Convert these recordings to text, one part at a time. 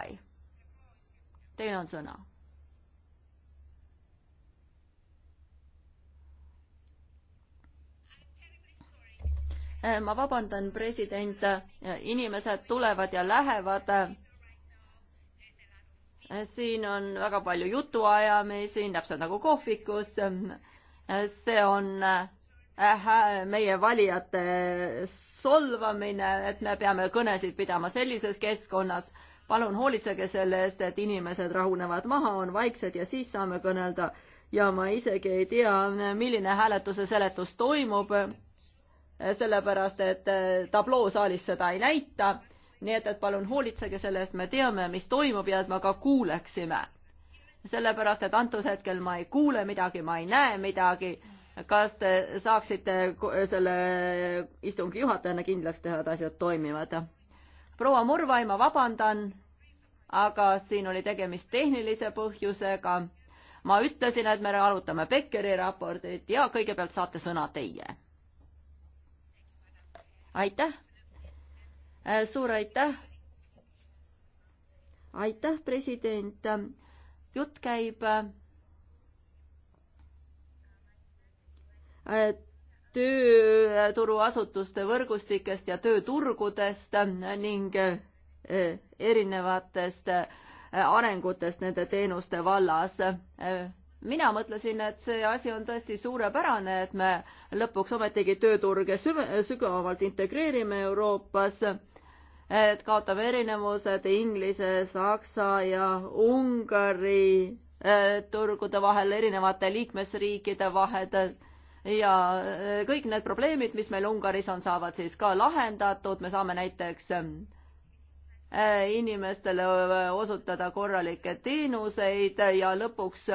Rapkai. Teil on sõna. Eh, ma vabandan, president, eh, inimesed tulevad ja lähevad. Eh, siin on väga palju jutuajamisi, täpselt nagu kohvikus. see on meie valijate solvamine, et me peame kõnesid pidama sellises keskkonnas palun hoolitsege selle eest, et inimesed rahunevad maha, on vaiksed ja siis saame kõnelda. ja ma isegi ei tea, milline hääletuse seletus toimub, sellepärast et tabloo saalis seda ei näita. nii et, et palun hoolitsege selle eest, me teame, mis toimub ja et me ka kuuleksime. sellepärast, et antud hetkel ma ei kuule midagi, ma ei näe midagi. kas te saaksite selle istungi juhatajana kindlaks teha, et asjad toimivad? proua Murvai, ma vabandan, aga siin oli tegemist tehnilise põhjusega. ma ütlesin, et me arutame Beckeri raportit ja kõigepealt saate sõna teie. aitäh. suur aitäh. aitäh, president. jutt käib äh, tööturuasutuste võrgustikest ja tööturgudest ning Eh, erinevatest eh, arengutest nende teenuste vallas. Eh, mina mõtlesin, et see asi on tõesti suurepärane, et me lõpuks ometigi tööturge sügavamalt integreerime Euroopas, et kaotame erinevused Inglise, Saksa ja Ungari turgude vahel, erinevate liikmesriikide vahel ja kõik need probleemid, mis meil Ungaris on, saavad siis ka lahendatud, me saame näiteks Äh, inimestele äh, osutada korralikke teenuseid ja lõpuks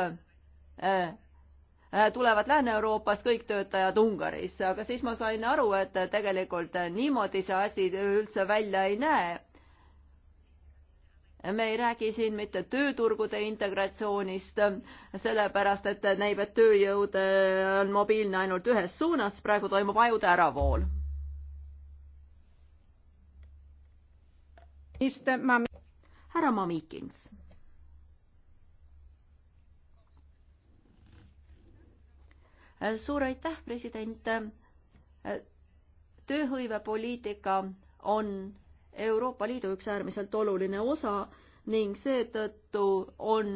äh, tulevad Lääne-Euroopast kõik töötajad Ungaris, aga siis ma sain aru, et tegelikult niimoodi see asi üldse välja ei näe. me ei räägi siin mitte tööturgude integratsioonist, sellepärast et näib, et tööjõud on mobiilne ainult ühes suunas, praegu toimub ajude äravool härra Mamikins. suur aitäh, president. tööhõivepoliitika on Euroopa Liidu üks äärmiselt oluline osa ning seetõttu on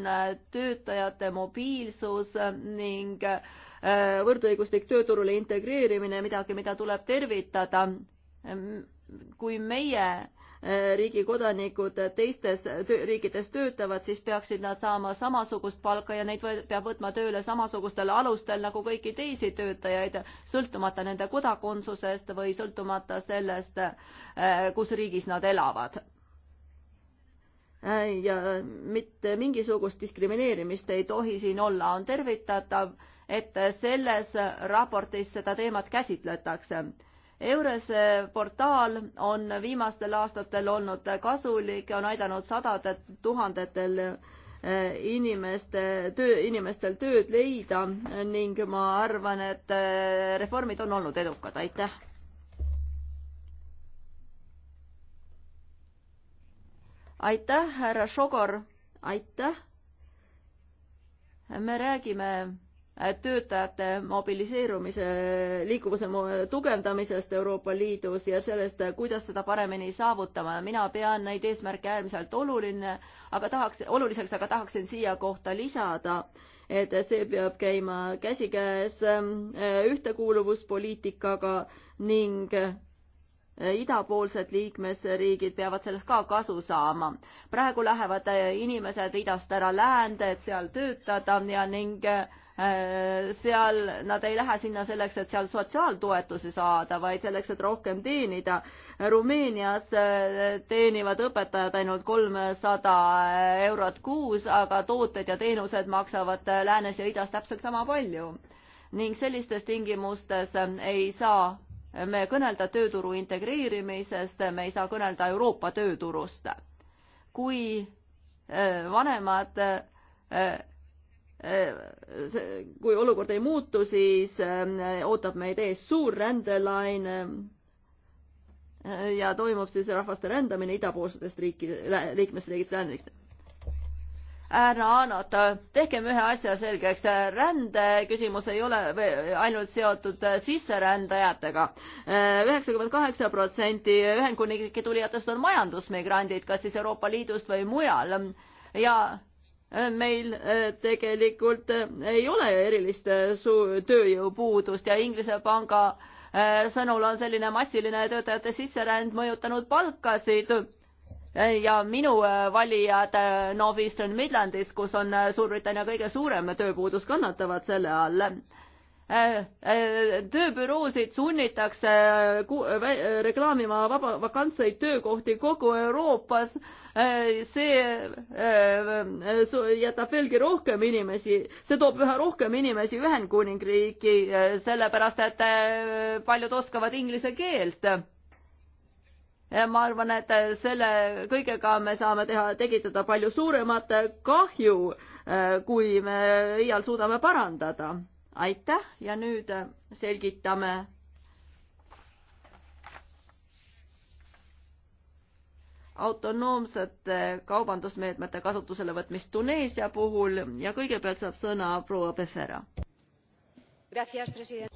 töötajate mobiilsus ning äh, võrdõiguslik tööturule integreerimine midagi, mida tuleb tervitada. kui meie Äh, riigi kodanikud teistes riikides töötavad, siis peaksid nad saama samasugust palka ja neid peab võtma tööle samasugustel alustel nagu kõiki teisi töötajaid, sõltumata nende kodakondsusest või sõltumata sellest, äh, kus riigis nad elavad äh, ja mitte mingisugust diskrimineerimist ei tohi siin olla, on tervitatav, et selles raportis seda teemat käsitletakse Eurese eh, portaal on viimastel aastatel olnud kasulik ja on aidanud sadatel tuhandetel eh, inimeste, töö, inimestel tööd leida ning ma arvan, et eh, reformid on olnud edukad, aitäh. aitäh, härra Šogor, aitäh. me räägime töötajate mobiliseerumise, liikuvuse tugevdamisest Euroopa Liidus ja sellest, kuidas seda paremini saavutama. mina pean neid eesmärke äärmiselt oluline, aga tahaks, oluliseks, aga tahaksin siia kohta lisada, et see peab käima käsikäes ühtekuuluvuspoliitikaga ning Äh, idapoolsed liikmesriigid peavad sellest ka kasu saama. praegu lähevad äh, inimesed idast ära läände, et seal töötada ja ning äh, seal nad ei lähe sinna selleks, et seal sotsiaaltoetusi saada, vaid selleks, et rohkem teenida. Rumeenias teenivad õpetajad ainult kolmsada eurot kuus, aga tooted ja teenused maksavad läänes ja idas täpselt sama palju. ning sellistes tingimustes ei saa me kõnelda tööturu integreerimisest, me ei saa kõnelda Euroopa tööturust. kui äh, vanemad, äh, äh, kui olukord ei muutu, siis ootab meid ees suur rändelaine ja toimub siis rahvaste rändamine idapoolsetest riiki, liikmesriigist lääneriigist härra Aanot, tehkem ühe asja selgeks, rände küsimus ei ole ainult seotud äh, sisserändajatega. Äh, üheksakümmend kaheksa protsenti Ühendkuningriigi tulijatest on majandusmigrandid, kas siis Euroopa Liidust või mujal ja äh, meil tegelikult ei ole erilist tööjõupuudust ja Inglise Panga sõnul on selline massiline töötajate sisseränd mõjutanud palkasid Äh, ja minu äh, valijad äh, Northeastern Midlandis, kus on Suurbritannia kõige suurem tööpuudus, kannatavad selle all tööbüroosid sunnitakse reklaamima vaba, vakantseid töökohti kogu Euroopas. see jätab veelgi rohkem inimesi, see toob üha rohkem inimesi Ühendkuningriiki, sellepärast et paljud oskavad inglise keelt ma arvan, et selle kõigega me saame teha, tekitada palju suuremat kahju, äh, kui me iial suudame parandada. aitäh ja nüüd selgitame. autonoomsete kaubandusmeetmete kasutusele võtmist Tuneesia puhul ja kõigepealt saab sõna proua Pefera.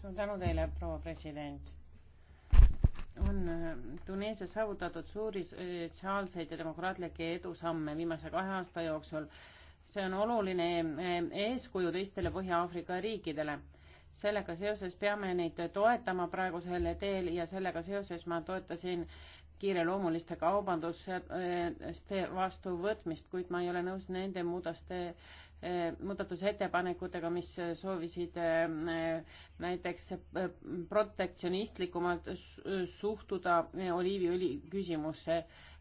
suur tänu teile, proua president on äh, Tuneesias saavutatud suuri sotsiaalseid ja demokraatlikke edusamme viimase kahe aasta jooksul. see on oluline äh, eeskuju teistele Põhja-Aafrika riikidele. sellega seoses peame neid toetama praegusel teel ja sellega seoses ma toetasin kiireloomuliste kaubanduste vastuvõtmist, kuid ma ei ole nõus nende muudaste Eh, muudatusettepanekutega, mis soovisid eh, näiteks eh, protektsionistlikumalt suhtuda oliiviõli küsimusse.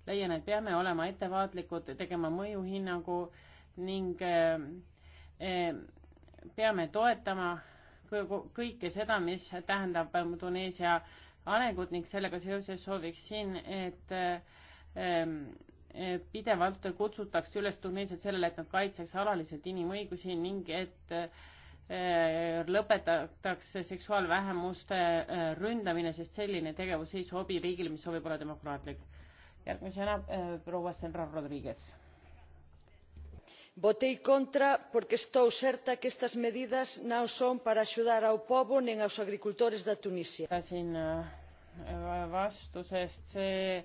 leian, et peame olema ettevaatlikud, tegema mõjuhinnangu ning peame toetama kõike seda, mis tähendab Tuneesia arengut ning sellega seoses sooviksin, et pidevalt kutsutakse üles Tuneesiat sellele, et nad kaitseks alaliselt inimõigusi ning et äh, lõpetatakse seksuaalvähemuste äh, ründamine, sest selline tegevus ei sobi riigile, mis soovib olla demokraatlik. järgmisena äh, proua Senra Rodriguez. Votei contra porque estou certa que estas medidas non son para axudar ao povo nen aos agricultores da Tunisia. siin vastusest see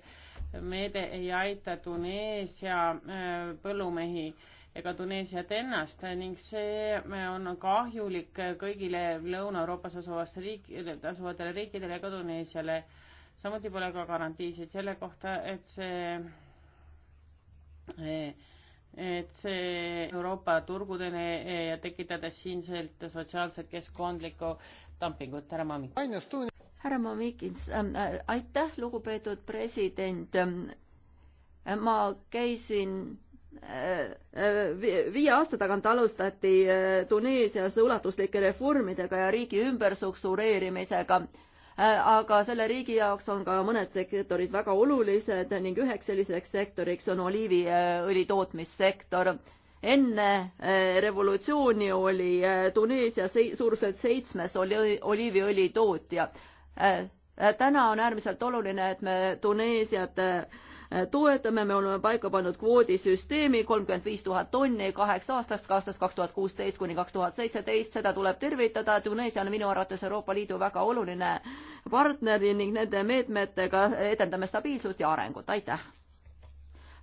meede ei aita Tuneesia äh, põllumehi ega Tuneesiat ennast ning see äh, on kahjulik kõigile Lõuna-Euroopas asuvasse riik, asuvatele riikidele ega Tuneesiale. samuti pole ka garantiisid selle kohta, et see et see Euroopa turgudeni äh, ja tekitades siinselt sotsiaalset keskkondlikku dumpingut. härra Mami härra Mamikins ähm, äh,, aitäh, lugupeetud president. Ähm, ma käisin äh, äh, viie aasta tagant alustati äh, Tuneesias ulatuslike reformidega ja riigi ümberstruktureerimisega, aga selle riigi jaoks on ka mõned sektorid väga olulised ning üheks selliseks sektoriks on oliiviõli tootmissektor. enne revolutsiooni oli Tuneesia suuruselt seitsmes oli oliiviõli tootja, Äh, täna on äärmiselt oluline, et me Tuneesiat äh, toetame, me oleme paika pannud kvoodisüsteemi kolmkümmend viis tuhat tonni kaheks aastaks, aastast kaks tuhat kuusteist kuni kaks tuhat seitseteist, seda tuleb tervitada. Tuneesia on minu arvates Euroopa Liidu väga oluline partner ning nende meetmetega edendame stabiilsust ja arengut, aitäh.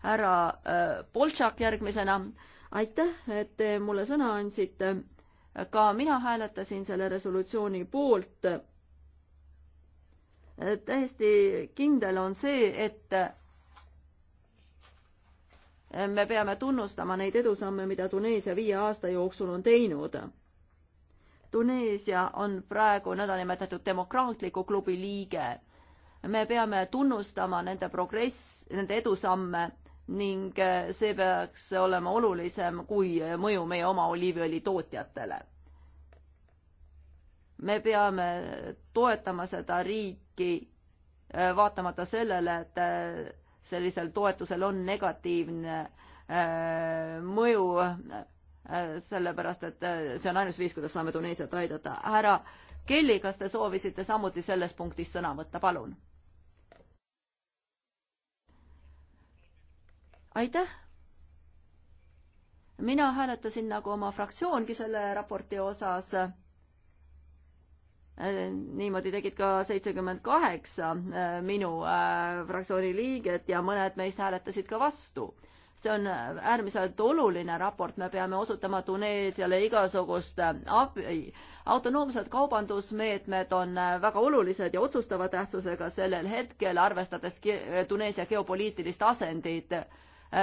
härra Boltšak äh, järgmisena, aitäh, et te mulle sõna andsite. ka mina hääletasin selle resolutsiooni poolt täiesti kindel on see, et me peame tunnustama neid edusamme, mida Tuneesia viie aasta jooksul on teinud. Tuneesia on praegu nõndanimetatud demokraatliku klubi liige. me peame tunnustama nende progress, nende edusamme ning see peaks olema olulisem kui mõju meie oma oliiviõli tootjatele. me peame toetama seda riiki riiki, äh, vaatamata sellele, et äh, sellisel toetusel on negatiivne äh, mõju, sellepärast et see on ainus viis, kuidas saame Tuneesiat aidata. härra Kelly, kas te soovisite samuti selles punktis sõna võtta, palun? aitäh! mina hääletasin nagu oma fraktsioongi selle raporti osas Äh, niimoodi tegid ka seitsekümmend kaheksa äh, minu äh, fraktsiooni liiget ja mõned meist hääletasid ka vastu. see on äärmiselt oluline raport, me peame osutama Tuneesiale igasugust abi. autonoomsed kaubandusmeetmed on väga olulised ja otsustava tähtsusega sellel hetkel, arvestades Tuneesia geopoliitilist asendit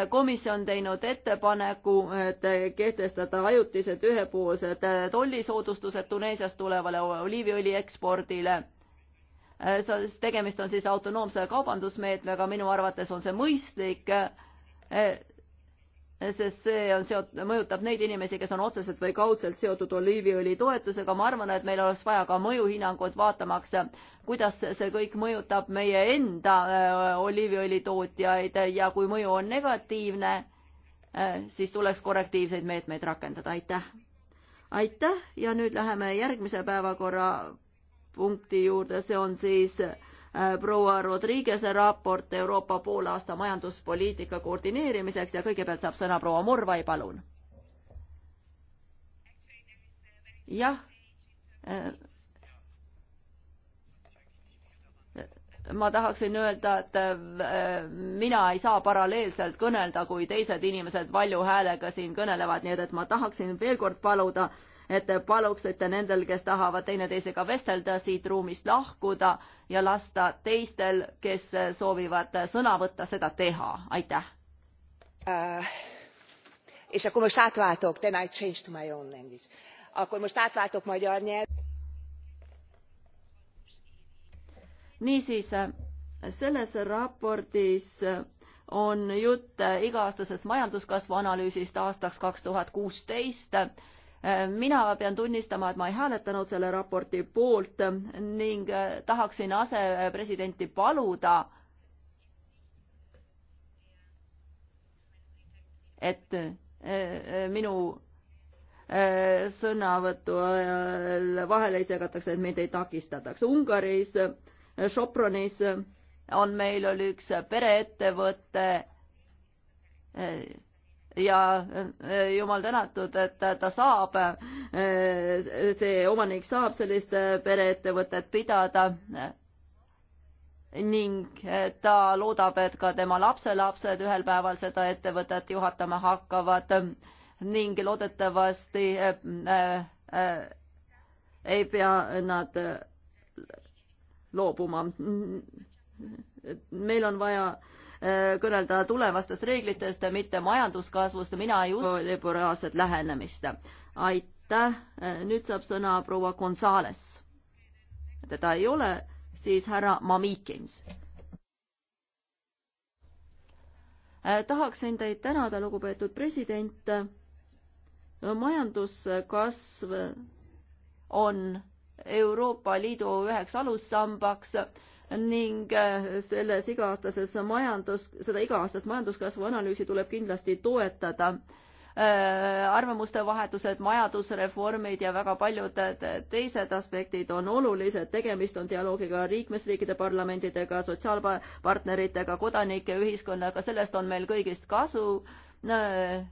komisjon teinud ettepaneku, et kehtestada ajutised ühepoolsed tollisoodustused Tuneesiast tulevale oliiviõli ekspordile. tegemist on siis autonoomse kaubandusmeetmega, minu arvates on see mõistlik sest see on seot-, mõjutab neid inimesi, kes on otseselt või kaudselt seotud oliiviõli toetusega, ma arvan, et meil oleks vaja ka mõjuhinnangut vaatamaks, kuidas see kõik mõjutab meie enda äh, oliiviõli tootjaid ja kui mõju on negatiivne, äh, siis tuleks korrektiivseid meetmeid rakendada, aitäh. aitäh ja nüüd läheme järgmise päevakorrapunkti juurde, see on siis Äh, proua Rodriguez'e raport Euroopa poolaasta majanduspoliitika koordineerimiseks ja kõigepealt saab sõna proua Murvai, palun. jah äh, ma tahaksin öelda, et äh, mina ei saa paralleelselt kõnelda, kui teised inimesed valju häälega siin kõnelevad, nii et, et ma tahaksin veel kord paluda äh, et te paluksite nendel, kes tahavad teineteisega vestelda, siit ruumist lahkuda ja lasta teistel, kes soovivad sõna võtta, seda teha, aitäh uh,. És akkor most átváltok, then I change to my own language. Akkor most átváltok magyar nyelv. niisiis, selles raportis on jutt iga-aastasest majanduskasvu analüüsist aastaks kaks tuhat kuusteist mina pean tunnistama, et ma ei hääletanud selle raporti poolt ning äh, tahaksin asepresidenti paluda, et äh, äh, minu sõnavõtu ajal vahele ei segataks, et mind ei takistataks. Ungaris, Šopronis on meil, oli üks pereettevõte, ja eh, jumal tänatud, et ta saab, eh, see omanik saab sellist eh, pereettevõtet pidada ning ta loodab, et ka tema lapselapsed ühel päeval seda ettevõtet juhatama hakkavad ning loodetavasti äh, äh, ei pea nad loobuma. meil on vaja äh, Äh, kõnelda tulevastest reeglitest, mitte majanduskasvust, mina ei usu liberaalset lähenemist. aitäh, äh, nüüd saab sõna proua Gonzales. teda ei ole, siis härra Mamikins. Äh, tahaksin teid tänada, lugupeetud president. majanduskasv on Euroopa Liidu üheks alussambaks ning äh, selles iga-aastases majandus, seda iga-aastast majanduskasvu analüüsi tuleb kindlasti toetada äh, arvamuste vahetused, majandusreformid ja väga paljud äh, teised aspektid on olulised, tegemist on dialoogiga liikmesriikide parlamentidega, sotsiaalpartneritega, kodanike, ühiskonnaga, sellest on meil kõigist kasu ja äh,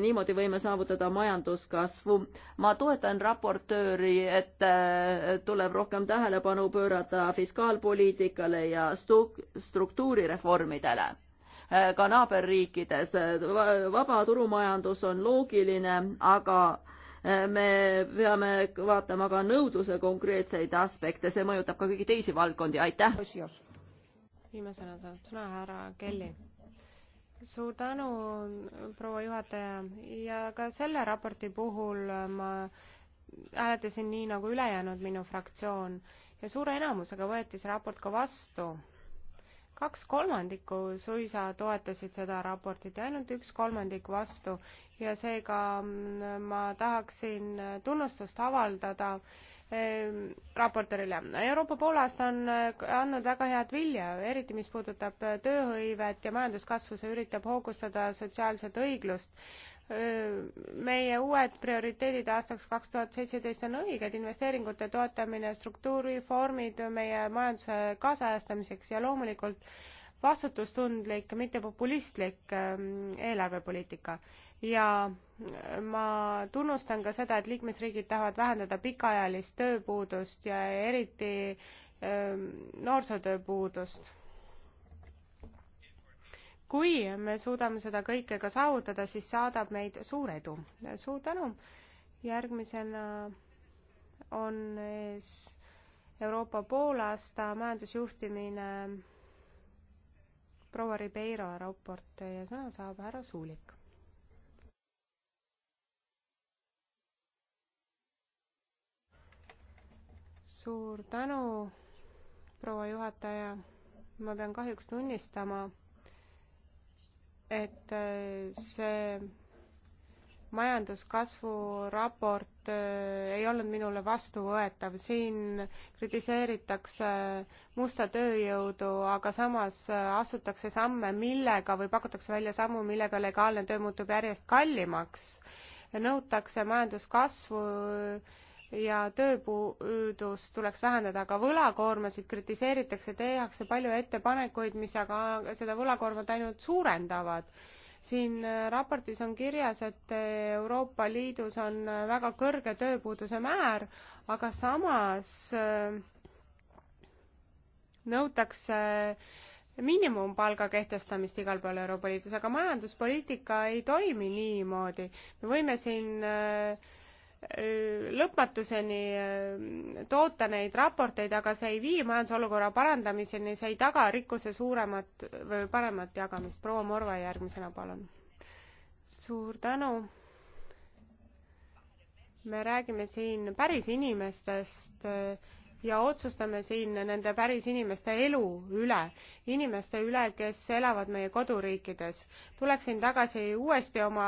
niimoodi võime saavutada majanduskasvu. ma toetan raportööri, et äh, tuleb rohkem tähelepanu pöörata fiskaalpoliitikale ja struktuurireformidele äh, ka naaberriikides. vaba turumajandus on loogiline, aga me peame vaatama ka nõudluse konkreetseid aspekte, see mõjutab ka kõiki teisi valdkondi, aitäh! viimasena saab sõna härra Kelly suur tänu, proua juhataja, ja ka selle raporti puhul ma hääletasin nii, nagu ülejäänud minu fraktsioon ja suure enamusega võeti see raport ka vastu. kaks kolmandikku suisa toetasid seda raportit ja ainult üks kolmandik vastu ja seega mm, ma tahaksin tunnustust avaldada äh, Ehm, raportöörile. Euroopa poolaasta on eh, andnud väga head vilja, eriti mis puudutab eh, tööhõivet ja majanduskasvu, see üritab hoogustada sotsiaalset õiglust. Ehm, meie uued prioriteedid aastaks kaks tuhat seitseteist on õiged, investeeringute toetamine, struktuurireformid meie majanduse kaasajastamiseks ja loomulikult vastutustundlik, mitte populistlik ehm, eelarvepoliitika ja ma tunnustan ka seda, et liikmesriigid tahavad vähendada pikaajalist tööpuudust ja eriti ähm, noorsootööpuudust. kui me suudame seda kõike ka saavutada, siis saadab meid suur edu. suur tänu. järgmisena on ees Euroopa poolaasta majandusjuhtimine proua Ribeiro raport ja sõna saab härra Suulik suur tänu, proua juhataja. ma pean kahjuks tunnistama, et äh, see majanduskasvu raport äh, ei olnud minule vastuvõetav. siin kritiseeritakse musta tööjõudu, aga samas äh, astutakse samme, millega või pakutakse välja sammu, millega legaalne töö muutub järjest kallimaks. nõutakse majanduskasvu ja tööpuudust tuleks vähendada, aga võlakoormasid kritiseeritakse, tehakse palju ettepanekuid, mis aga seda võlakoormat ainult suurendavad. siin raportis on kirjas, et Euroopa Liidus on väga kõrge tööpuuduse määr, aga samas äh, nõutakse äh, miinimumpalga kehtestamist igal pool Euroopa Liidus, aga majanduspoliitika ei toimi niimoodi. me võime siin äh, lõpmatuseni äh, toota neid raporteid, aga see ei vii majandusolukorra parandamiseni, see ei taga rikkuse suuremat või paremat jagamist. proua Morva järgmisena, palun. suur tänu. me räägime siin päris inimestest äh, ja otsustame siin nende päris inimeste elu üle, inimeste üle, kes elavad meie koduriikides. tuleksin tagasi uuesti oma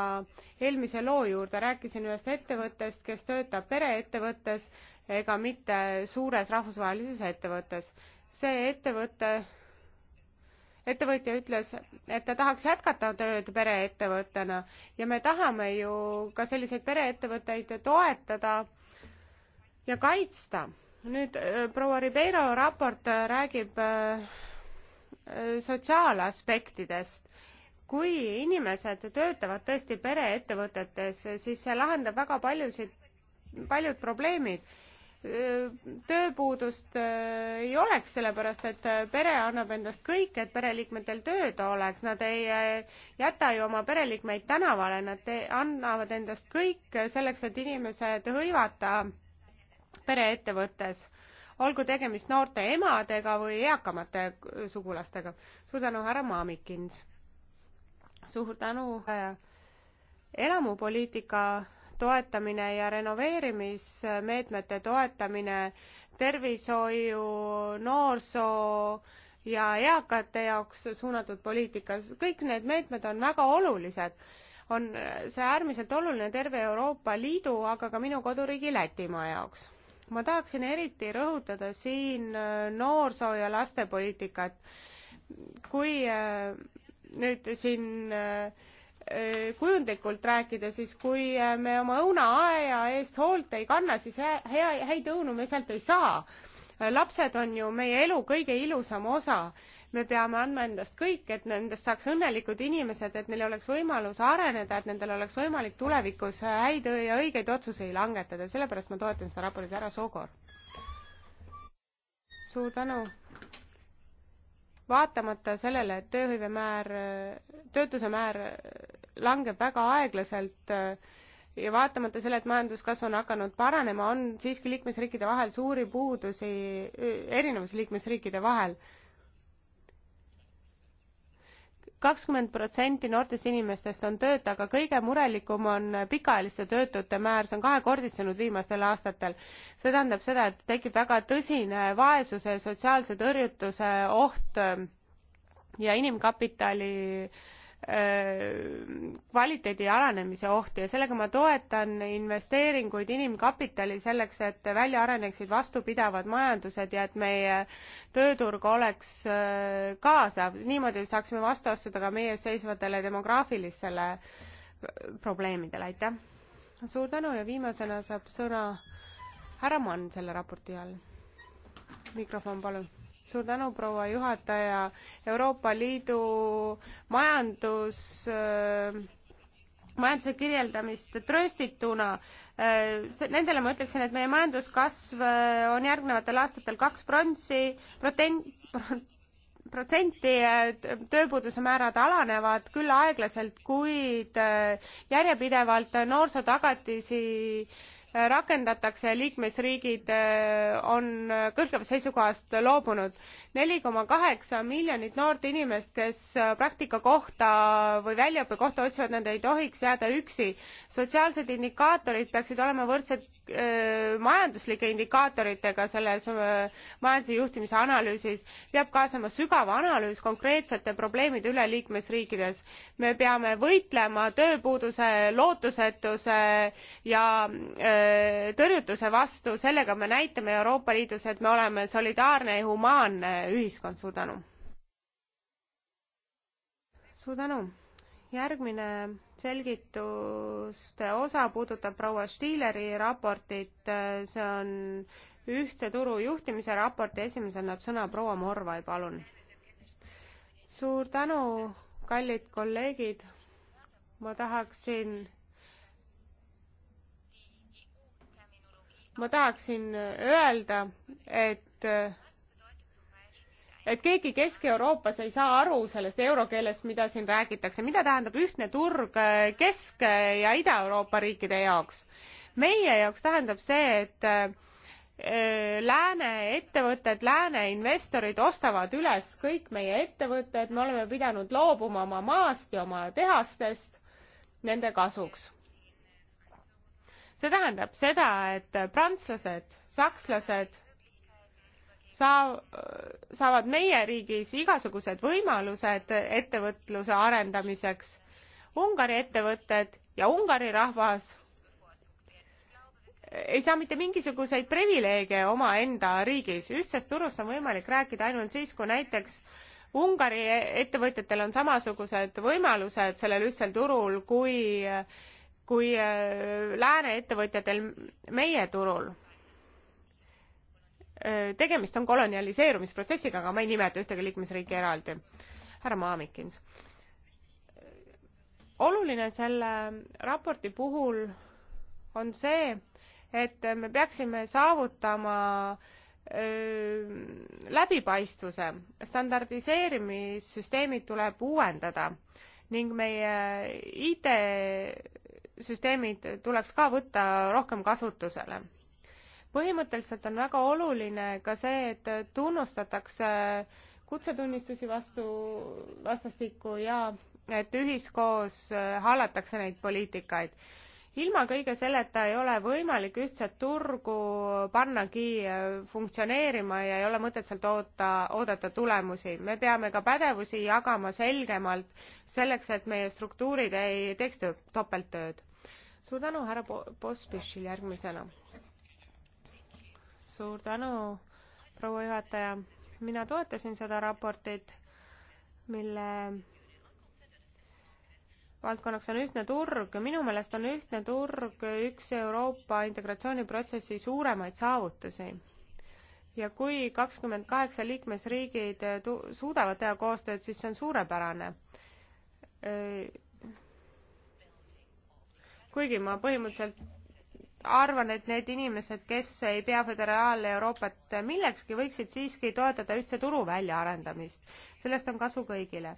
eelmise loo juurde, rääkisin ühest ettevõttest, kes töötab pereettevõttes ega mitte suures rahvusvahelises ettevõttes. see ettevõte ettevõtja ütles, et ta tahaks jätkata tööd pereettevõttena ja me tahame ju ka selliseid pereettevõtteid toetada ja kaitsta nüüd äh, proua Ribeiro raport äh, räägib äh, sotsiaalaspektidest. kui inimesed töötavad tõesti pereettevõtetes, siis see lahendab väga paljusid, paljud probleemid. tööpuudust ei oleks, sellepärast et pere annab endast kõik, et pereliikmetel tööd oleks, nad ei jäta ju oma pereliikmeid tänavale, nad annavad endast kõik selleks, et inimesed hõivata pereettevõttes, olgu tegemist noorte emadega või eakamate sugulastega. suur tänu, härra Maamikins. suur tänu äh, elamupoliitika toetamine ja renoveerimismeetmete toetamine tervishoiu, noorsoo ja eakate jaoks suunatud poliitikas, kõik need meetmed on väga olulised. on see äärmiselt oluline terve Euroopa Liidu, aga ka minu koduriigi Lätimaa jaoks ma tahaksin eriti rõhutada siin äh, noorsoo- ja lastepoliitikat. kui äh, nüüd siin äh, kujundlikult rääkida, siis kui me oma õunaaia eest hoolt ei kanna, siis hea, häid õunu me sealt ei saa. lapsed on ju meie elu kõige ilusam osa me peame andma endast kõik, et nendest saaks õnnelikud inimesed, et neil oleks võimalus areneda, et nendel oleks võimalik tulevikus häid ja õigeid otsuseid langetada, sellepärast ma toetan seda raportit, härra Sogor. suur tänu. vaatamata sellele, et tööhõive määr, töötuse määr langeb väga aeglaselt, ja vaatamata selle, et majanduskasv on hakanud paranema, on siiski liikmesriikide vahel suuri puudusi, erinevusi liikmesriikide vahel kakskümmend protsenti noortest inimestest on tööta aga kõige murelikum on pikaajaliste töötute määr see on kahekordistunud viimastel aastatel see tähendab seda et tekib väga tõsine vaesuse sotsiaalse tõrjutuse oht ja inimkapitali äh, kvaliteedi alanemise ohti ja sellega ma toetan investeeringuid inimkapitali selleks, et välja areneksid vastupidavad majandused ja et meie tööturg oleks äh, kaasav, niimoodi saaksime vastu astuda ka meie ees seisvatele demograafilistele äh, probleemidele, aitäh! suur tänu ja viimasena saab sõna härra Mann selle raporti all. mikrofon palun suur tänu, proua juhataja. Euroopa Liidu majandus äh, majanduse kirjeldamist trööstituna. Äh, nendele ma ütleksin, et meie majanduskasv äh, on järgnevatel aastatel kaks prontsi, protent, protsenti tööpuuduse määrad alanevad küll aeglaselt, kuid järjepidevalt noorsootagatisi äh, rakendatakse liikmesriigid eh, on kõhklevast seisukohast loobunud neli koma kaheksa miljonit noort inimest kes äh, praktikakohta või väljaõppekohta otsivad nad ei tohiks jääda üksi sotsiaalsed indikaatorid peaksid olema võrdsed äh, majanduslike indikaatoritega selles äh, majanduse juhtimise analüüsis peab kaasama sügav analüüs konkreetsete probleemide üle liikmesriikides. me peame võitlema tööpuuduse lootusetuse ja tõrjutuse vastu sellega me näitame euroopa liidus et me oleme solidaarne ja humaanne ühiskond, suur tänu! suur tänu! järgmine selgituste osa puudutab proua Stihleri raportit, see on ühtse turu juhtimise raporti, esimesel annab sõna proua Morvai, palun. suur tänu, kallid kolleegid, ma tahaksin ma tahaksin öelda, et et keegi Kesk-Euroopas ei saa aru sellest eurokeelest, mida siin räägitakse, mida tähendab ühtne turg eh, Kesk- ja Ida-Euroopa riikide jaoks. meie jaoks tähendab see, et eh, lääne ettevõtted lääne investorid ostavad üles kõik meie ettevõtted me oleme pidanud loobuma oma maast ja oma tehastest nende kasuks see tähendab seda et prantslased sakslased saa-, saavad meie riigis igasugused võimalused ettevõtluse arendamiseks. Ungari ettevõtted ja Ungari rahvas ei saa mitte mingisuguseid privileege omaenda riigis. ühtsest turust on võimalik rääkida ainult siis, kui näiteks Ungari ettevõtjatel on samasugused võimalused sellel ühtsel turul kui, kui äh, lääne ettevõtjatel meie turul Äh, tegemist on kolonialiseerumisprotsessiga, aga ma ei nimeta ühtegi liikmesriiki eraldi. härra Maamikins. oluline selle raporti puhul on see, et me peaksime saavutama äh, läbipaistvuse, standardiseerimissüsteemid tuleb uuendada ning meie IT-süsteemid tuleks ka võtta rohkem kasutusele põhimõtteliselt on väga oluline ka see, et tunnustatakse kutsetunnistusi vastu, vastastikku ja et ühiskoos äh, hallatakse neid poliitikaid. ilma kõige selleta ei ole võimalik ühtset turgu pannagi äh, funktsioneerima ja ei ole mõtet sealt oota, oodata tulemusi. me peame ka pädevusi jagama selgemalt selleks, et meie struktuurid ei teeks topelttööd. suur tänu, härra Pospišil järgmisena suur tänu, proua juhataja. mina toetasin seda raportit, mille valdkonnaks on ühtne turg. minu meelest on ühtne turg üks Euroopa integratsiooniprotsessi suuremaid saavutusi. ja kui kakskümmend kaheksa liikmesriigid suudavad teha koostööd, siis see on suurepärane kuigi ma põhimõtteliselt arvan, et need inimesed, kes ei pea Föderaal-Euroopat millekski, võiksid siiski toetada ühtse turu väljaarendamist. sellest on kasu kõigile.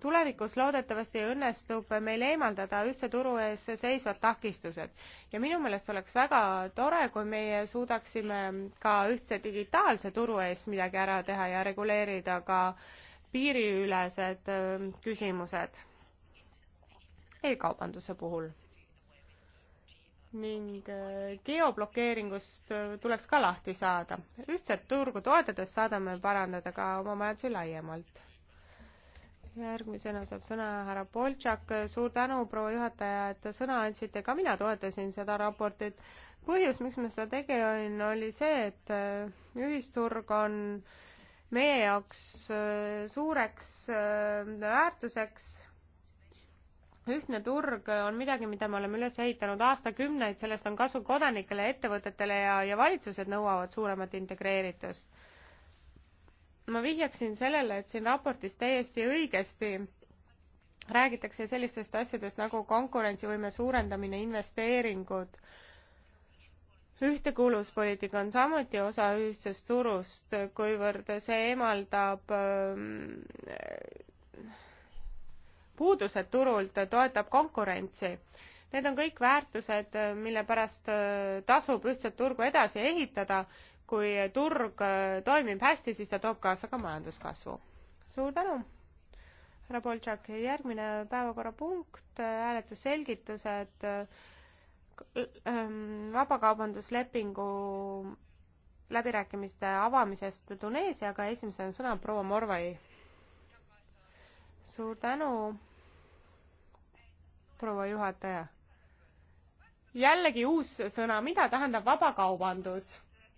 tulevikus loodetavasti õnnestub meil eemaldada ühtse turu ees seisvad takistused ja minu meelest oleks väga tore, kui meie suudaksime ka ühtse digitaalse turu ees midagi ära teha ja reguleerida ka piiriülesed ähm, küsimused e-kaubanduse puhul ning äh, geoblokeeringust äh, tuleks ka lahti saada. ühtset turgu toetades saadame parandada ka oma majandusi laiemalt. järgmisena saab sõna härra Boltšak, suur tänu, proua juhataja, et te sõna andsite, ka mina toetasin seda raportit. põhjus, miks ma seda tegin, oli see, et äh, ühisturg on meie jaoks suureks väärtuseks ühtne turg on midagi, mida me oleme üles ehitanud aastakümneid, sellest on kasu kodanikele, ettevõtetele ja, ja valitsused nõuavad suuremat integreeritust. ma vihjaksin sellele, et siin raportis täiesti õigesti räägitakse sellistest asjadest nagu konkurentsivõime suurendamine, investeeringud, ühtekuuluvuspoliitika on samuti osa ühtsest turust, kuivõrd see eemaldab äh, puudused turult, toetab konkurentsi. Need on kõik väärtused, mille pärast äh, tasub ühtset turgu edasi ehitada. kui turg äh, toimib hästi, siis ta toob kaasa ka majanduskasvu. suur tänu, härra Boltšak, järgmine päevakorrapunkt, äh, hääletusselgitused, ähm, vabakaubanduslepingu läbirääkimiste avamisest Tuneesiaga, esimesena sõna proua Morvai suur tänu, proua juhataja. jällegi uus sõna, mida tähendab vabakaubandus?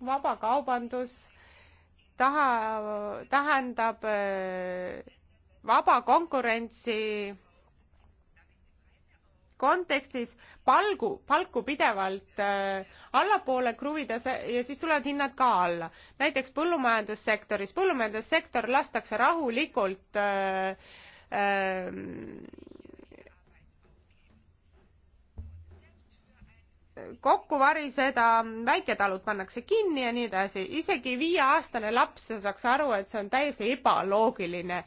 vabakaubandus taha, tähendab äh, vaba konkurentsi kontekstis palgu, palku pidevalt äh, allapoole kruvida ja siis tulevad hinnad ka alla. näiteks põllumajandussektoris, põllumajandussektor lastakse rahulikult äh, Ähm, kokku variseda, väiketalud pannakse kinni ja nii edasi. isegi viieaastane laps saaks aru, et see on täiesti ebaloogiline.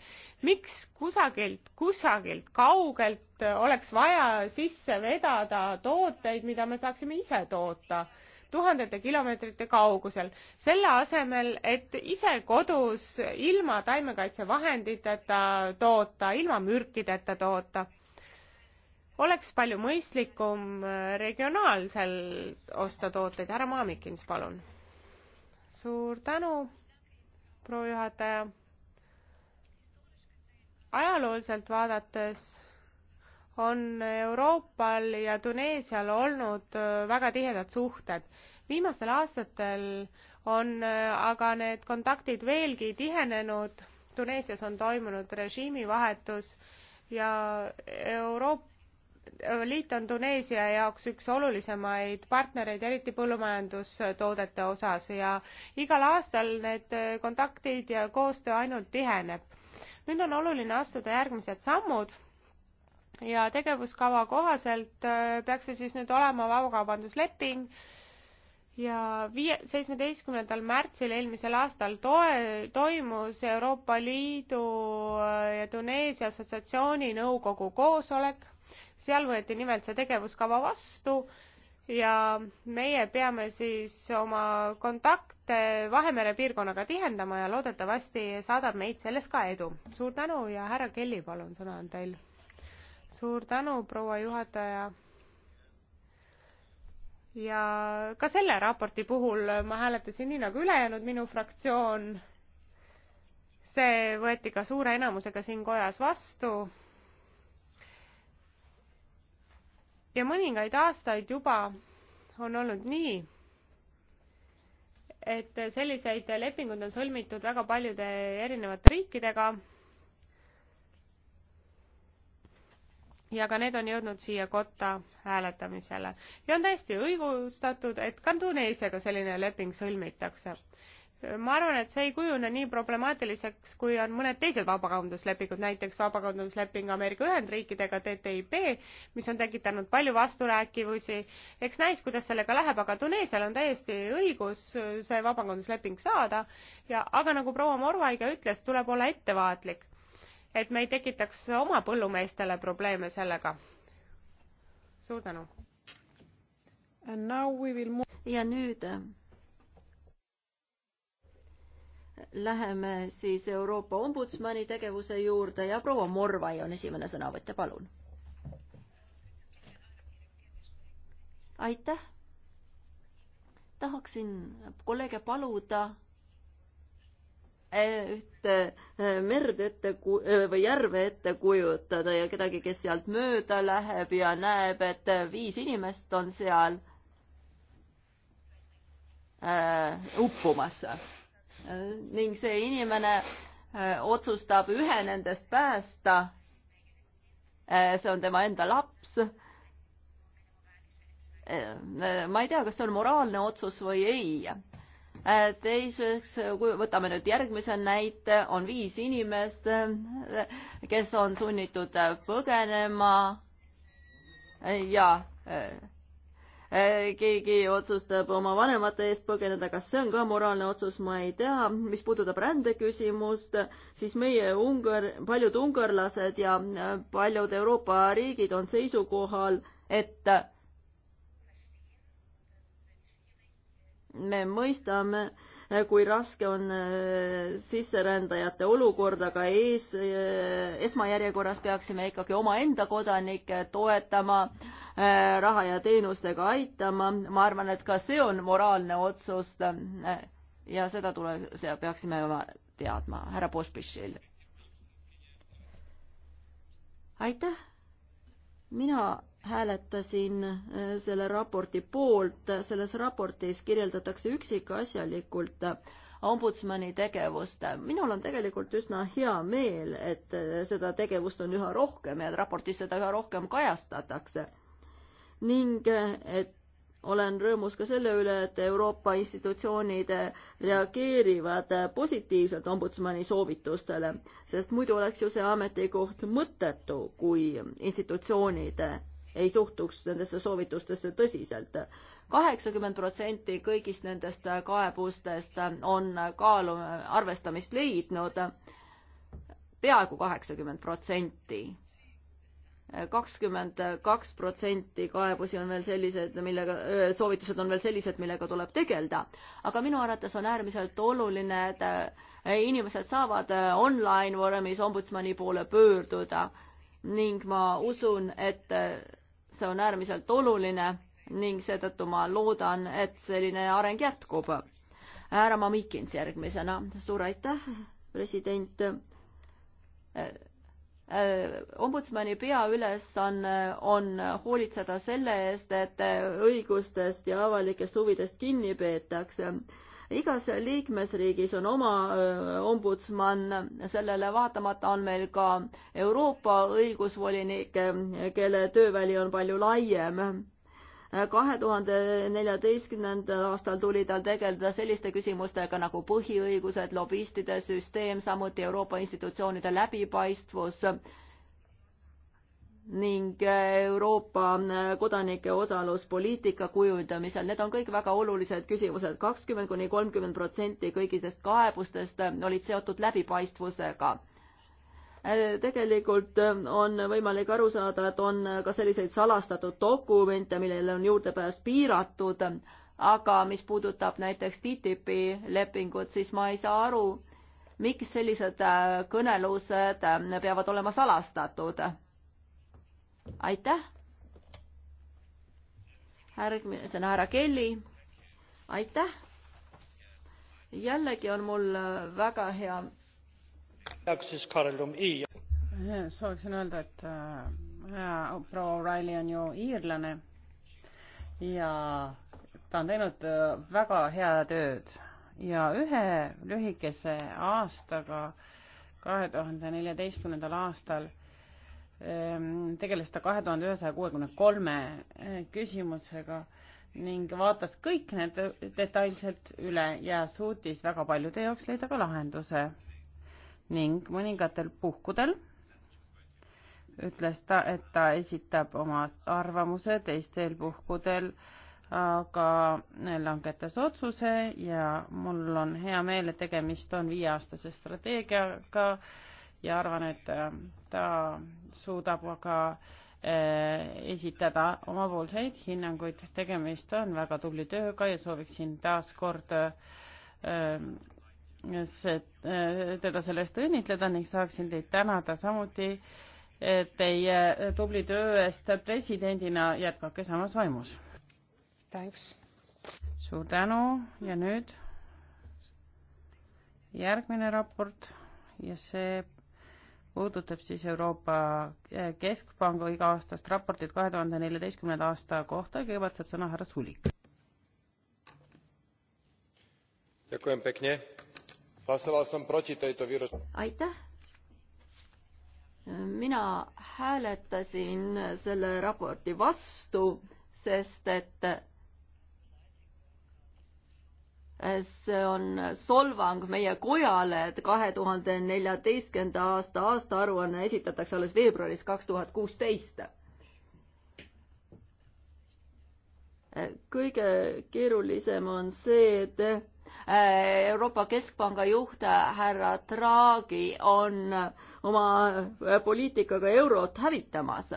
miks kusagilt, kusagilt kaugelt oleks vaja sisse vedada tooteid, mida me saaksime ise toota? tuhandete kilomeetrite kaugusel, selle asemel, et ise kodus ilma taimekaitsevahenditeta toota, ilma mürkideta toota oleks palju mõistlikum regionaalsel osta tooteid. härra Maamikins, palun. suur tänu, proua juhataja. ajalooliselt vaadates on Euroopal ja Tuneesial olnud äh, väga tihedad suhted. viimastel aastatel on äh, aga need kontaktid veelgi tihenenud, Tuneesias on toimunud režiimivahetus ja Euroopa Liit on Tuneesia jaoks üks olulisemaid partnereid, eriti põllumajandustoodete osas ja igal aastal need äh, kontaktid ja koostöö ainult tiheneb. nüüd on oluline astuda järgmised sammud ja tegevuskava kohaselt äh, peaks see siis nüüd olema vabakaubandusleping ja viie, seitsmeteistkümnendal märtsil eelmisel aastal toe, toimus Euroopa Liidu äh, ja Tuneesia Assotsiatsiooni nõukogu koosolek, seal võeti nimelt see tegevuskava vastu ja meie peame siis oma kontakte Vahemere piirkonnaga tihendama ja loodetavasti saadab meid selles ka edu. suur tänu ja härra Kelly, palun, sõna on teil suur tänu, proua juhataja. ja ka selle raporti puhul ma hääletasin nii nagu ülejäänud minu fraktsioon. see võeti ka suure enamusega siin kojas vastu. ja mõningaid aastaid juba on olnud nii, et selliseid lepinguid on sõlmitud väga paljude erinevate riikidega ja ka need on jõudnud siia kotta hääletamisele. ja on täiesti õigustatud, et ka Tuneesiaga selline leping sõlmitakse. ma arvan, et see ei kujune nii problemaatiliseks, kui on mõned teised vabakaubanduslepingud, näiteks vabakaubandusleping Ameerika Ühendriikidega, TTIP, mis on tekitanud palju vasturääkivusi. eks näis, kuidas sellega läheb, aga Tuneesial on täiesti õigus see vabakaubandusleping saada ja, aga nagu proua Morvaiga ütles, tuleb olla ettevaatlik et me ei tekitaks oma põllumeestele probleeme sellega. suur tänu. Will... ja nüüd äh, läheme siis Euroopa Ombudsmani tegevuse juurde ja proua Morvai on esimene sõnavõtja, palun. aitäh. tahaksin kolleege paluda ette äh, merd ette äh, või järve ette kujutada ja kedagi, kes sealt mööda läheb ja näeb, et äh, viis inimest on seal äh, uppumas äh,. ning see inimene äh, otsustab ühe nendest päästa äh,. see on tema enda laps äh,. ma ei tea, kas see on moraalne otsus või ei Äh, teiseks, kui võtame nüüd järgmise näite, on viis inimest, äh, kes on sunnitud äh, põgenema ja keegi otsustab oma vanemate eest põgeneda, kas see on ka moraalne otsus, ma ei tea. mis puudutab rändeküsimust, siis meie Ungar, paljud ungarlased ja paljud Euroopa riigid on seisukohal, et me mõistame, kui raske on äh, sisserändajate olukord, aga ees, äh, esmajärjekorras peaksime ikkagi omaenda kodanikke toetama, äh, raha ja teenustega aitama. ma arvan, et ka see on moraalne otsus ja seda tule-, peaksime teadma. härra Pospišil. aitäh. mina hääletasin äh, selle raporti poolt, selles raportis kirjeldatakse üksikasjalikult äh, ombudsmani tegevust. minul on tegelikult üsna hea meel, et äh, seda tegevust on üha rohkem ja raportis seda üha rohkem kajastatakse. ning et olen rõõmus ka selle üle, et Euroopa institutsioonid reageerivad positiivselt ombudsmani soovitustele, sest muidu oleks ju see ametikoht mõttetu, kui institutsioonid ei suhtuks nendesse soovitustesse tõsiselt. kaheksakümmend protsenti kõigist nendest kaebustest on kaalu arvestamist leidnud, peaaegu kaheksakümmend protsenti kakskümmend kaks protsenti kaebusi on veel sellised, millega, soovitused on veel sellised, millega tuleb tegeleda. aga minu arvates on äärmiselt oluline, et eh, inimesed saavad eh, online vormis ombudsmani poole pöörduda ning ma usun, et eh, see on äärmiselt oluline ning seetõttu ma loodan, et selline areng jätkub. härra Mamikins järgmisena, suur aitäh, president. Äh, äh, ombudsmani peaülesanne on, on hoolitseda selle eest, et õigustest ja avalikest huvidest kinni peetakse igas liikmesriigis on oma ombudsman, sellele vaatamata on meil ka Euroopa õigusvolinik, kelle tööväli on palju laiem kahe tuhande neljateistkümnendal aastal tuli tal tegeleda selliste küsimustega nagu põhiõigused, lobistide süsteem, samuti Euroopa institutsioonide läbipaistvus ning äh, Euroopa äh, kodanike osalus poliitika kujundamisel, need on kõik väga olulised küsimused. kakskümmend kuni kolmkümmend protsenti kõigistest kaebustest äh, olid seotud läbipaistvusega. tegelikult on võimalik aru saada, et on ka selliseid salastatud dokumente, millele on juurdepääs piiratud, aga mis puudutab näiteks TTIP-i lepingut, siis ma ei saa aru, miks sellised kõnelused peavad olema salastatud aitäh. järgmisena härra Kelly, aitäh. jällegi on mul äh, väga hea. sooviksin öelda, et äh, proua O'Reilly on ju iirlane ja ta on teinud äh, väga hea tööd ja ühe lühikese aastaga, kahe tuhande neljateistkümnendal aastal Ehm, tegeles ta kahe tuhande ühesaja kuuekümne kolme eh, küsimusega ning vaatas kõik need detailselt üle ja suutis väga paljude jaoks leida ka lahenduse. ning mõningatel puhkudel ütles ta, et ta esitab oma arvamuse, teistel puhkudel aga langetas otsuse ja mul on hea meel, et tegemist on viieaastase strateegiaga ja arvan, et äh, ta suudab ka äh, esitada omapoolseid hinnanguid. tegemist on väga tubli tööga ja sooviksin taas kord äh, teda selle eest õnnitleda ning saaksin teid tänada samuti teie tubli töö eest presidendina. jätkake samas vaimus. suur tänu ja nüüd järgmine raport ja see puudutab siis Euroopa eh, Keskpanga iga-aastast raportit kahe tuhande neljateistkümnenda aasta kohta, kõigepealt saab sõna härra Sulik. aitäh, mina hääletasin selle raporti vastu, sest et see on solvang meie kojale, et kahe tuhande neljateistkümnenda aasta aastaaruanne esitatakse alles veebruaris kaks tuhat kuusteist. kõige keerulisem on see, et äh, Euroopa Keskpanga juht äh, härra Draghi on oma äh, poliitikaga eurot hävitamas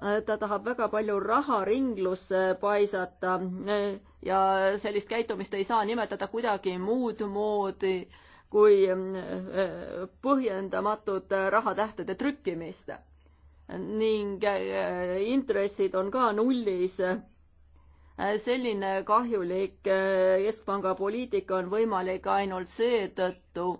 ta tahab väga palju raha ringlusse paisata ja sellist käitumist ei saa nimetada kuidagi muud moodi kui äh, põhjendamatut rahatähtede trükkimist. ning äh, intressid on ka nullis. selline kahjulik äh, keskpanga poliitika on võimalik ainult seetõttu,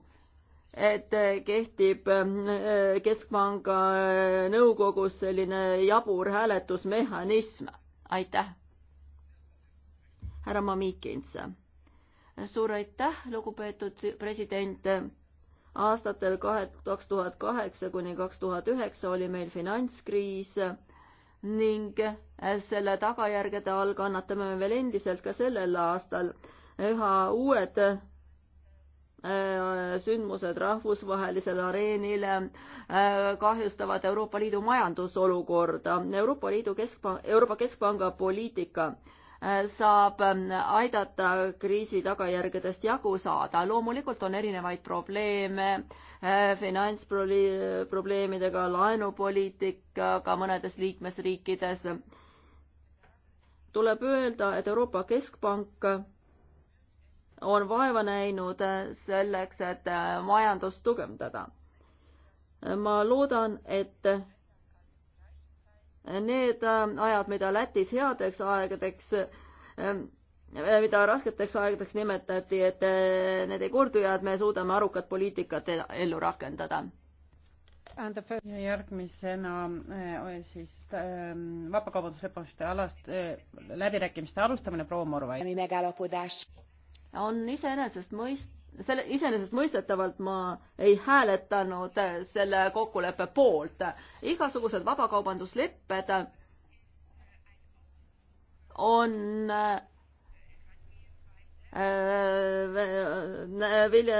et kehtib äh, Keskpanga äh, nõukogus selline jabur hääletusmehhanism. aitäh. härra Mamikins. suur aitäh, lugupeetud president. aastatel kahe, kaks tuhat kaheksa kuni kaks tuhat üheksa oli meil finantskriis ning selle tagajärgede all kannatame me veel endiselt ka sellel aastal. üha uued Äh, sündmused rahvusvahelisel areenil äh, kahjustavad Euroopa Liidu majandusolukorda. Euroopa Liidu keskpa-, Euroopa Keskpanga poliitika äh, saab ähm, aidata kriisi tagajärgedest jagu saada. loomulikult on erinevaid probleeme finantsprobleemidega, laenupoliitikaga mõnedes liikmesriikides. tuleb öelda, et Euroopa Keskpank on vaeva näinud äh, selleks, et äh, majandust tugevdada. ma loodan, et need äh, ajad, mida Lätis headeks aegadeks, ähm, mida rasketeks aegadeks nimetati, et need ei kordu ja et me suudame arukat poliitikat ellu rakendada ja järgmisena siis ähm, vabakaubanduslepingute alast läbirääkimiste alustamine proua Morvai on iseenesestmõist-, selle, iseenesestmõistetavalt ma ei hääletanud äh, selle kokkuleppe poolt. igasugused vabakaubanduslepped on äh, äh, vilja,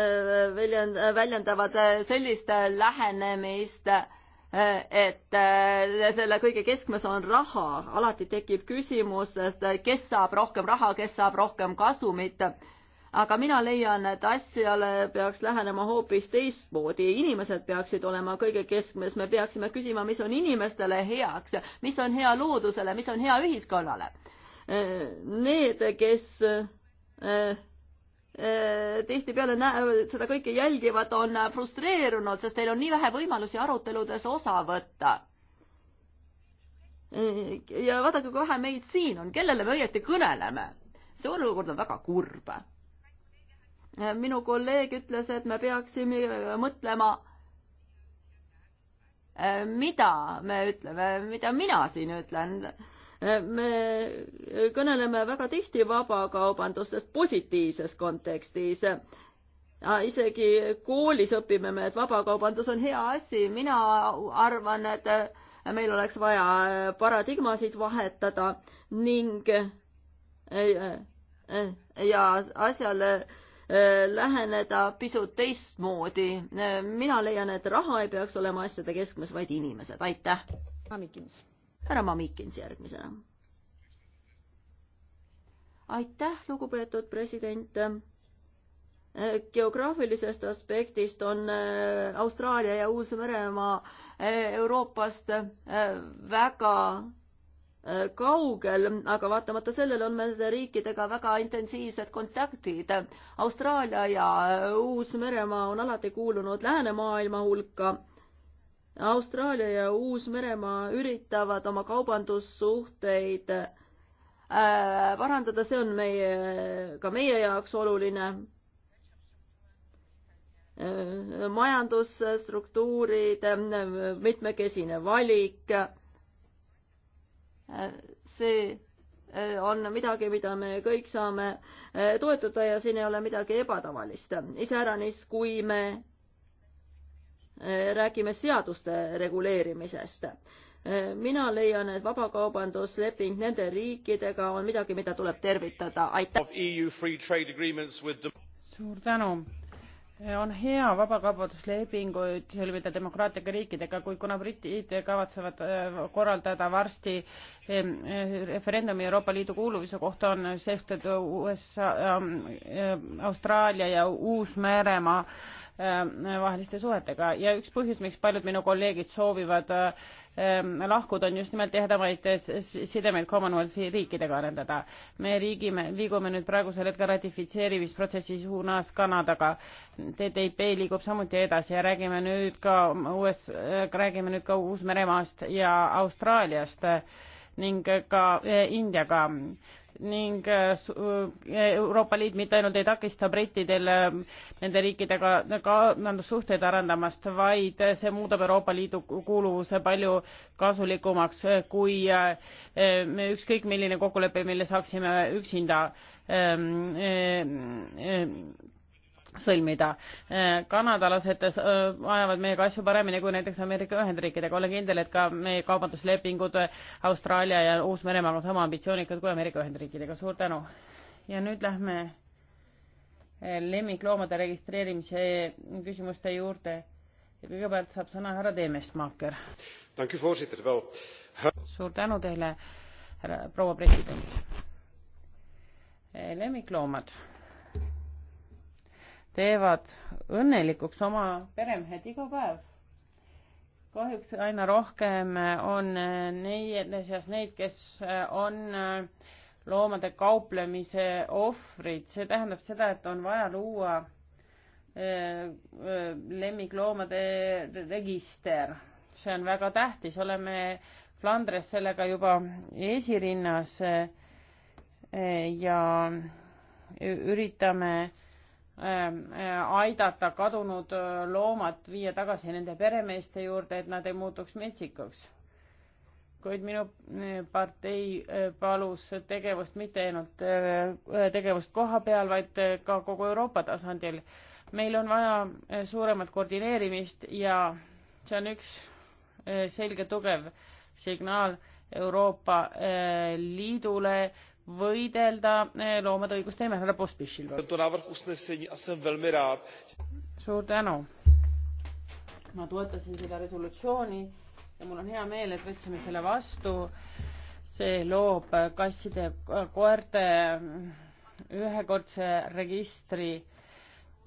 viljend-, väljendavad sellist lähenemist, et selle kõige keskmes on raha, alati tekib küsimus, et kes saab rohkem raha, kes saab rohkem kasumit aga mina leian, et asjale peaks lähenema hoopis teistmoodi, inimesed peaksid olema kõige keskmes, me peaksime küsima, mis on inimestele heaks, mis on hea loodusele, mis on hea ühiskonnale. Äh, need, kes äh, äh, tihtipeale seda kõike jälgivad, on frustreerunud, sest teil on nii vähe võimalusi aruteludes osa võtta ja vaadake kohe meid siin on, kellele me õieti kõneleme. see olukord on väga kurb minu kolleeg ütles, et me peaksime äh, mõtlema, äh, mida me ütleme, mida mina siin ütlen. Äh, me kõneleme väga tihti vabakaubandustest positiivses kontekstis isegi koolis õpime me, et vabakaubandus on hea asi, mina arvan, et meil oleks vaja paradigmasid vahetada ning ja asjale Äh, läheneda pisut teistmoodi. Äh, mina leian, et raha ei peaks olema asjade keskmes, vaid inimesed, aitäh. härra Mamikins järgmisena. aitäh, lugupeetud president. Äh, geograafilisest aspektist on Austraalia ja Uus-Meremaa Euroopast väga Äh, kaugel, aga vaatamata sellele on meil nende riikidega väga intensiivsed kontaktid. Austraalia ja äh, Uus-Meremaa on alati kuulunud läänemaailma hulka. Austraalia ja Uus-Meremaa üritavad oma kaubandussuhteid äh, parandada, see on meie, ka meie jaoks oluline. majandusstruktuurid, mitmekesine valik see äh, on midagi, mida me kõik saame äh, toetada ja siin ei ole midagi ebatavalist. iseäranis, kui me äh, räägime seaduste reguleerimisest. mina leian, et vabakaubandusleping nende riikidega on midagi, mida tuleb tervitada. aitäh! E suur tänu! on hea vabakaubanduslepinguid sõlmida demokraatlikke riikidega, kuid kuna britid kavatsevad äh, korraldada varsti ähm, äh, referendumi Euroopa Liidu kuuluvuse kohta, on seetõttu USA, ähm, äh, Austraalia ja Uus-Meremaa Äh, vaheliste suhetega ja üks põhjus, miks paljud minu kolleegid soovivad äh, lahkuda, on just nimelt tihedamaid sidemeid Commonwealthi riikidega arendada. me riigime, liigume nüüd praegusel hetkel ratifitseerimisprotsessi suunas Kanadaga. TTIP liigub samuti edasi ja räägime nüüd ka US, räägime nüüd ka Uus-Meremaast ja Austraaliast ning ka eh, Indiaga ning eh, eh, Euroopa Liit mitte ainult ei takista brittidel nende riikidega kaubandussuhteid arendamast, vaid see muudab Euroopa Liidu kuuluvuse palju kasulikumaks kui me ükskõik milline kokkulepe, mille saaksime üksinda ehm, ehm, ehm, sõlmida. Äh, kanadalased äh, ajavad meiega asju paremini kui näiteks Ameerika Ühendriikidega, olen kindel, et ka meie kaubanduslepingud äh, Austraalia ja Uus-Meremaaga on sama ambitsioonikad kui Ameerika Ühendriikidega, suur tänu. ja nüüd lähme lemmikloomade registreerimise küsimuste juurde. kõigepealt saab sõna härra Teemestmaaker. suur tänu teile, härra proua president. lemmikloomad teevad õnnelikuks oma peremehed iga päev. kahjuks aina rohkem on neid seas neid, kes on loomade kauplemise ohvrid, see tähendab seda, et on vaja luua lemmikloomade register, see on väga tähtis, oleme Flandres sellega juba esirinnas ja üritame äh, Ähm, äh, aidata kadunud äh, loomad viia tagasi nende peremeeste juurde, et nad ei muutuks metsikuks. kuid minu äh, partei palus tegevust mitte ainult tegevust koha peal, vaid ka kogu Euroopa tasandil. meil on vaja suuremat koordineerimist ja see on üks selge tugev signaal Euroopa Liidule võidelda eh, loomade õiguste nimel. härra Pospišil. suur tänu. ma toetasin seda resolutsiooni ja mul on hea meel, et võtsime selle vastu. see loob kasside, koerte mm, ühekordse registri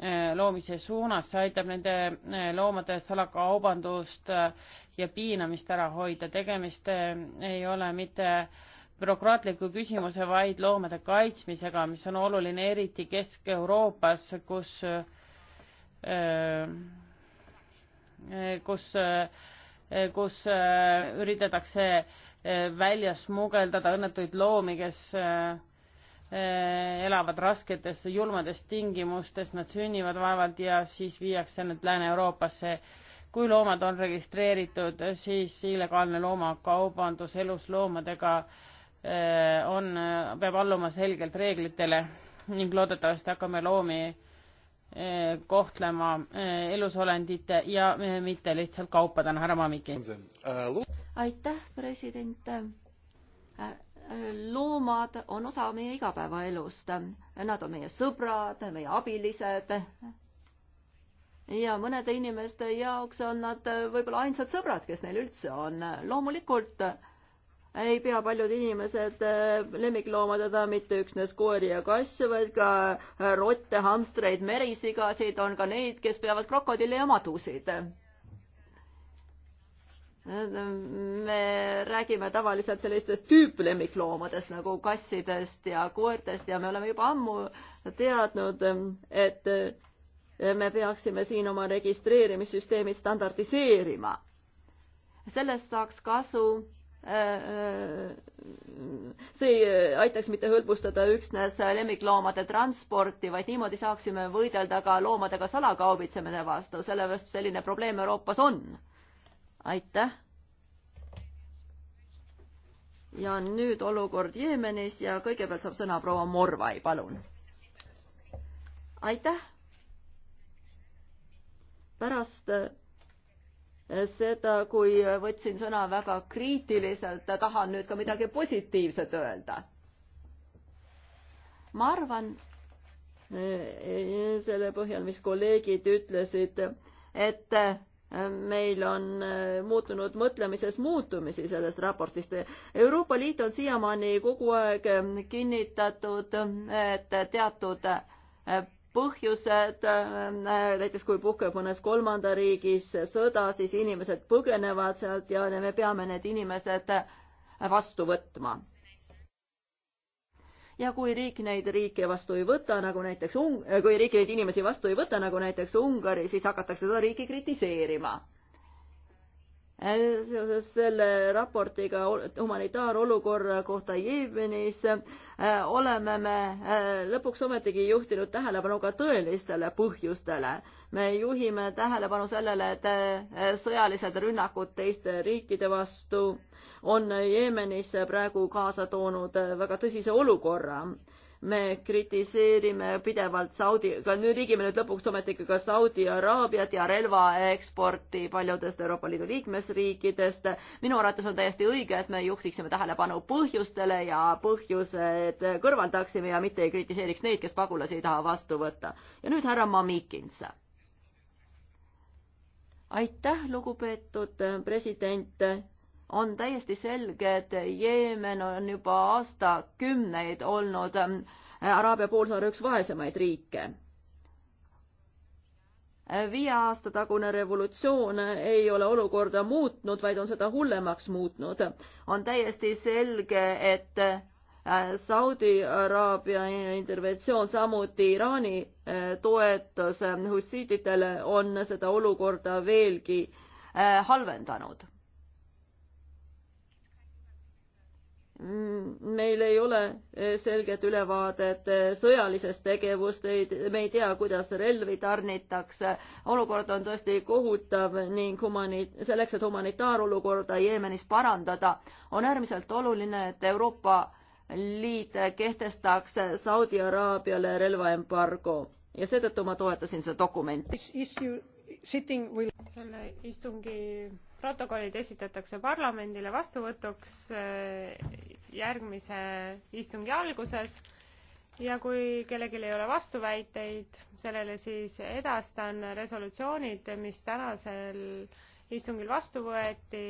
eh, loomise suunas, see aitab nende eh, loomade salakaubandust ja piinamist ära hoida. tegemist ei ole mitte bürokraatliku küsimuse, vaid loomade kaitsmisega, mis on oluline eriti Kesk-Euroopas, kus, äh, äh, kus, äh, kus üritatakse välja smugeldada õnnetuid loomi, kes elavad rasketes julmades tingimustes, nad sünnivad vaevalt ja siis viiakse nad Lääne-Euroopasse kui loomad on registreeritud, siis illegaalne loomakaubandus elusloomadega Äh, on, äh, peab alluma selgelt reeglitele ning loodetavasti hakkame loomi äh, kohtlema elusolendite ja mitte lihtsalt kaupadena, härra Mamiki. aitäh, president. loomad on osa meie igapäevaelust, nad on meie sõbrad, meie abilised. ja mõnede inimeste jaoks on nad võib-olla ainsad sõbrad, kes neil üldse on. loomulikult ei pea paljud inimesed äh, lemmikloomadena mitte üksnes koeri ja kasse, vaid ka äh, rotte, hamstreid, merisigasid, on ka neid, kes peavad krokodille ja madusid. me räägime tavaliselt sellistest tüüplemmikloomadest nagu kassidest ja koertest ja me oleme juba ammu teadnud, et äh, me peaksime siin oma registreerimissüsteemid standardiseerima. sellest saaks kasu see aitaks mitte hõlbustada üksnes lemmikloomade transporti, vaid niimoodi saaksime võidelda ka loomadega salakaubitsemine vastu, sellepärast selline probleem Euroopas on. aitäh. ja nüüd olukord Jeemenis ja kõigepealt saab sõna proua Morvai, palun. aitäh. pärast seda, kui võtsin sõna väga kriitiliselt, tahan nüüd ka midagi positiivset öelda. ma arvan eh, selle põhjal, mis kolleegid ütlesid, et eh, meil on eh, muutunud mõtlemises muutumisi sellest raportist. Euroopa Liit on siiamaani kogu aeg kinnitatud, et teatud põhjused, äh, näiteks kui puhkeb mõnes kolmanda riigis sõda, siis inimesed põgenevad sealt ja me peame need inimesed vastu võtma. ja kui riik neid riike vastu ei võta, nagu näiteks, kui riik neid inimesi vastu ei võta, nagu näiteks Ungari, siis hakatakse seda riiki kritiseerima Äh, seoses selle raportiga humanitaarolukorra kohta Jeemenis äh, oleme me äh, lõpuks ometigi juhtinud tähelepanu ka tõelistele põhjustele. me juhime tähelepanu sellele, et sõjalised rünnakud teiste riikide vastu on Jeemenis praegu kaasa toonud väga tõsise olukorra me kritiseerime pidevalt Saudi, aga nüüd riigime nüüd lõpuks ometigi ka Saudi Araabiat ja relvaeksporti paljudest Euroopa Liidu liikmesriikidest. minu arvates on täiesti õige, et me juhtiksime tähelepanu põhjustele ja põhjused kõrvaldaksime ja mitte ei kritiseeriks neid, kes pagulasi ei taha vastu võtta. ja nüüd härra Mamikins. aitäh, lugupeetud president on täiesti selge, et Jeemen on juba aastakümneid olnud ähm, Araabia poolsaare üks vaesemaid riike. viie aasta tagune revolutsioon ei ole olukorda muutnud, vaid on seda hullemaks muutnud. on täiesti selge, et äh, Saudi Araabia interventsioon, samuti Iraani äh, toetus äh, hussiididele on seda olukorda veelgi halvendanud Mm, meil ei ole eh, selget ülevaadet eh, sõjalisest tegevust, ei, me ei tea, kuidas relvi tarnitakse. olukord on tõesti kohutav ning humani-, selleks, et humanitaarolukorda Jeemenis parandada, on äärmiselt oluline, et Euroopa Liit kehtestaks Saudi Araabiale relvaembargo ja seetõttu ma toetasin seda dokumenti. selle istungi protokollid esitatakse parlamendile vastuvõtuks eh, järgmise istungi alguses ja kui kellelgi ei ole vastuväiteid sellele, siis edastan resolutsioonid, mis tänasel istungil vastu võeti